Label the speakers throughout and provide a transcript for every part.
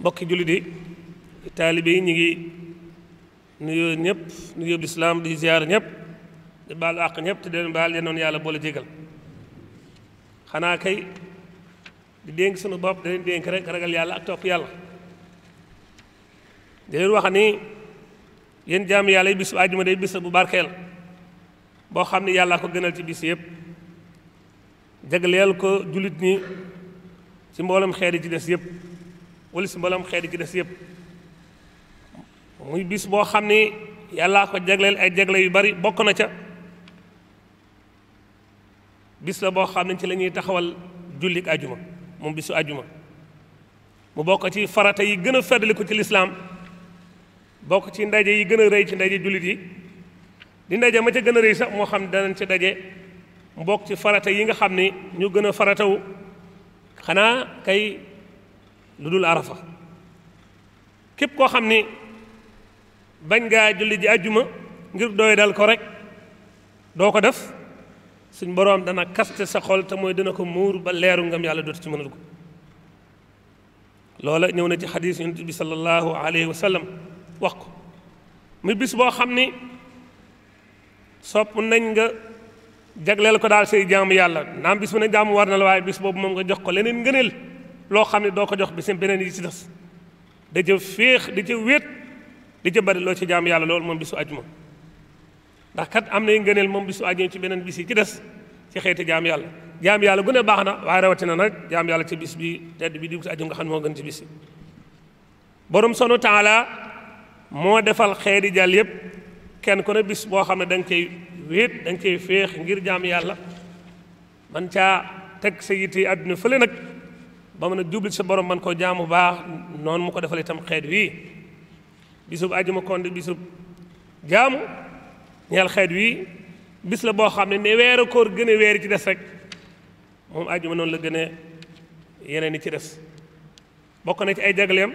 Speaker 1: mbokki jullit yi taalibe yi ñu ngi nuyoo ñëpp nuyoo bi lislaam di ziyaar ñëpp di baal àq ñëpp te den baal yenoon yàlla boole jégal xanaa kay di dénk sunu bopp da dénk rek ragal yàlla ak topp yàlla di leen wax ni yéen jaam yàlla yi bisu àjjuma day bis bu barkeel boo xam ne yàlla ko gënal ci bis yëpp jagleel ko jullit ñi ci mboolem xeet yi ci des yëpp walis mbolam xeet gi des yëpp muy bis boo xam ni ko jagleel ay jagle yu bari bokk na ca bis la boo xam ne ci la ñuy taxawal jullik ajuma moom bisu ajuma mu bokk ci farata yi gën a feddaliku ci lislaam bokk ci ndaje yi gën a rëy ci ndaje jullit yi di ndaje ma ca gën a rëy sax moo xam danañ ci daje mu bokk ci farata yi nga xam ni ñu gën a faratawu xanaa kay lu dul arafa képp koo xam ni bañ ngaa julli ji àjjuma ngir doy dal ko rek doo ko def suñ boroom dana kaste sa xol te mooy dina ko muur ba leeru ngam yàlla dootu ci mënal ko loola ñëw na ci xadiis yonent bi sallallahu alayhi wa sallam wax ko mu bis boo xam ni sopp nañ nga jagleel ko daal say jaamu yàlla naam bis bu ne jaamu war na la waaye bis boobu moom nga jox ko leneen ngëneel loo xam ne doo ko jox bi seen beneen yi ci des da ca féex da ca wéet da ca bari loo ci jaam yàlla loolu moom bisu ajuma ndax kat am nay ngëneel moom bisu ajuma ci beneen bis yi ci des ci xeyti jaam yàlla jaam yàlla gu ne baax na waaye rawatina nag jaam yàlla ci bis bi tedd bi di ko ajuma nga xam ne moo gën ci bis yi borom sonu taala moo defal xeeti jàll yëpp kenn ku ne bis boo xam ne da nga cay wéet da nga cay féex ngir jaam yàlla man caa teg sa yitte àdduna fële nag ba mën a jubli sa borom man koo jaamu baax noonu mu ko defal tam xeet wii bisub àjjuma kon di bisub jaamu ñeel xeet wii bis la boo xam ne ne weeru koor gën a weer ci des rek moom àjjuma noonu la gën a yeneen yi ci des bokk na ci ay jagleem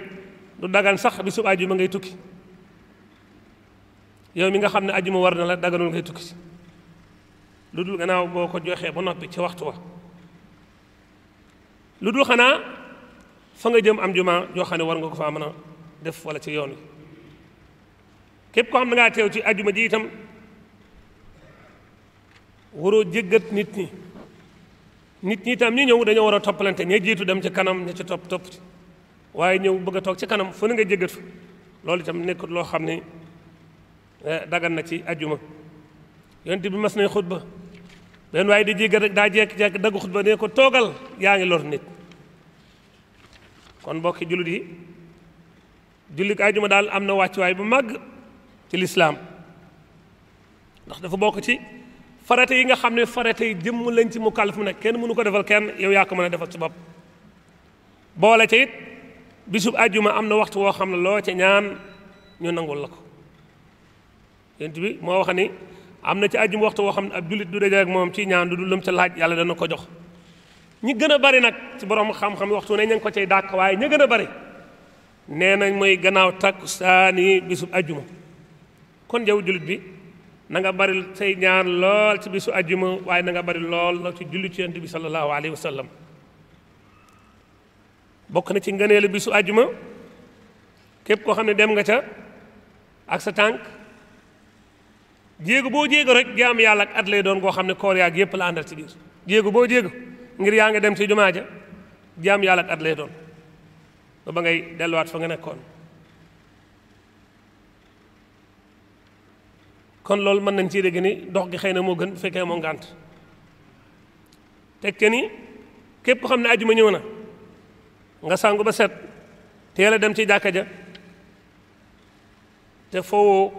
Speaker 1: lu dagan sax bisub àjjuma ngay tukki yow mi nga xam ne àjjuma war na la daganul ngay tukki lu dul gannaaw boo ko joxee ba noppi ci waxtu wa lu dul xanaa fa nga jëm am juma joo xam ne war nga ko faa mën a def wala ci yoon wi képp ko xam ne ngaa teew ci ajuma ji itam waroo jëggat nit ñi nit ñi tam ñi ñëw dañoo war a toppalante ña jiitu dem ci kanam ña ci topp topp ci waaye ñëw bëgg a toog ci kanam fu ne nga jéggat fa loolu itam nekkut loo xam ne eh, dagan na ci ajuma yonent bi mas nay xutba benn waaye di jéggat rek daa jekk-jekk dagg xutba ne ko toogal yaa ngi lor nit kon mbokki julut yi jullik àjjuma daal am na wàccuwaay bu mag ci lislaam ndax dafa bokk ci farata yi nga xam ne farate yi jëmm lañ ci mu kàllif mu kenn mënu ko defal kenn yow yaa ko mën a defal ci bopp boole ca it bisub àjjuma am na waxtu woo xam ne loo ca ñaan ñu nangul la ko yent bi moo wax ni am na ci àjjuma waxtu woo xam ne ab julit du daje ak moom ci ñaan du dul lu mu ca laaj yàlla dana ko jox ñi gën a bari nag ci borom xam-xam waxtu ne ña ko cay dàkk waaye ña gën a bari nee nañ mooy gannaaw takkusaani bisu ajjuma kon yow jullit bi nanga nga bari say ñaan lool ci bisu ajjuma waaye nanga nga bari lool la ci julli ci yonent bi sallallahu alayhi wa sallam bokk na ci la bisu ajjuma képp koo xam ne dem nga ca ak sa tànk jéegu boo jéegu rek jaam yàlla ak at lay doon koo xam ne koor yaag yépp la àndal ci biir jéegu boo jéegu ngir yaa nga dem ci jumaa ja jaam yàlla ak at lay doon ba ba ngay delluwaat fa nga nekkoon kon loolu mën nañ ci dégg ni dox gi xëy na moo gën bu fekkee moo ngànt teg ni képp ko xam ne ajuma ñëw na nga sangu ba set teel a dem ci jàkka ja te fowoo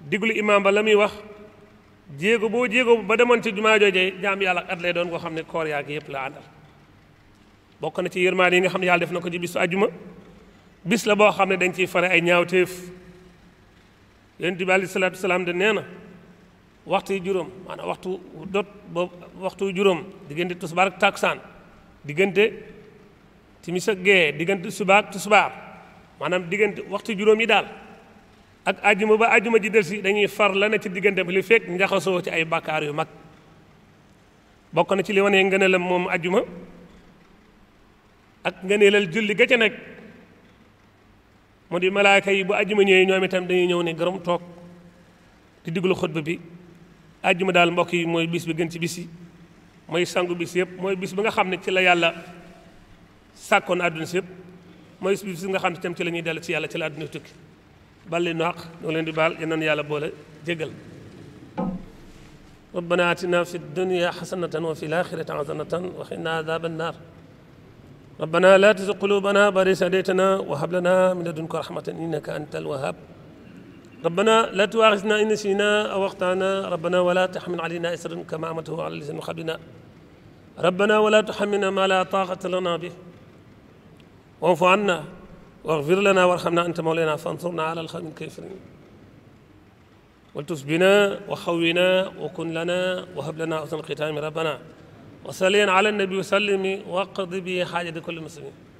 Speaker 1: diglu imam ba la muy wax jéego boo jéego ba demoon ci jumaa joojee jaam yàlla ak at lay doon koo xam ne koor yaa gi yëpp la àndal bokk na ci yërmaande yi nga xam ne yàlla def na ko ci bisu ajuma bis la boo xam ne dañ ciy fare ay ñaawteef yonent bi aleyhi salaatu salaam de nee na waxtu yu juróom maanaam waxtu ba waxtu juróom diggante tusbaar ak taksaan diggante timis ak gee diggante subaak tusbaar maanaam diggante waxtu juróom yi daal ak ajuma ba ajuma ji si dañuy far la ne ci diggante bi li fekk njaxasoo ci ay bàkkaar yu mag bokk na ci li wanee ngëneelam moom ajuma ak ngëneelal julli ga ca nekk moo di malaaka yi bu ajuma ñëwee ñoom itam dañuy ñëw ne gërëm toog di diglu xutba bi ajuma daal mbokk yi mooy bis bi gën ci bis yi mooy sangu bis yëpp mooy bis bi nga xam ne ci la yàlla sàkkoon àdduna si yëpp mooy bis bi nga xam ne ci la ñuy dellu ci yàlla ci la àdduna tukki bal leen نولين xaq ñoo leen di baal yal nañu yàlla boole jégal rabbana atina fi dunya xasanatan wa fi ربنا لا تزغ قلوبنا بعد إذ وهب لنا من لدنك رحمة إنك أنت الوهاب ربنا لا تؤاخذنا إن نسينا أو أخطأنا ربنا ولا تحمل علينا إسرا كما عمته على لسان خبنا ربنا ولا تحملنا ما لا طاقة لنا به واعف عنا واغفر لنا وارحمنا أنت مولانا فانصرنا على الخلق الكافرين والتف بنا وخونا وكن لنا وهب لنا حسن الختام ربنا وسلم على النبي وسلم واقض به حاجة كل مسلم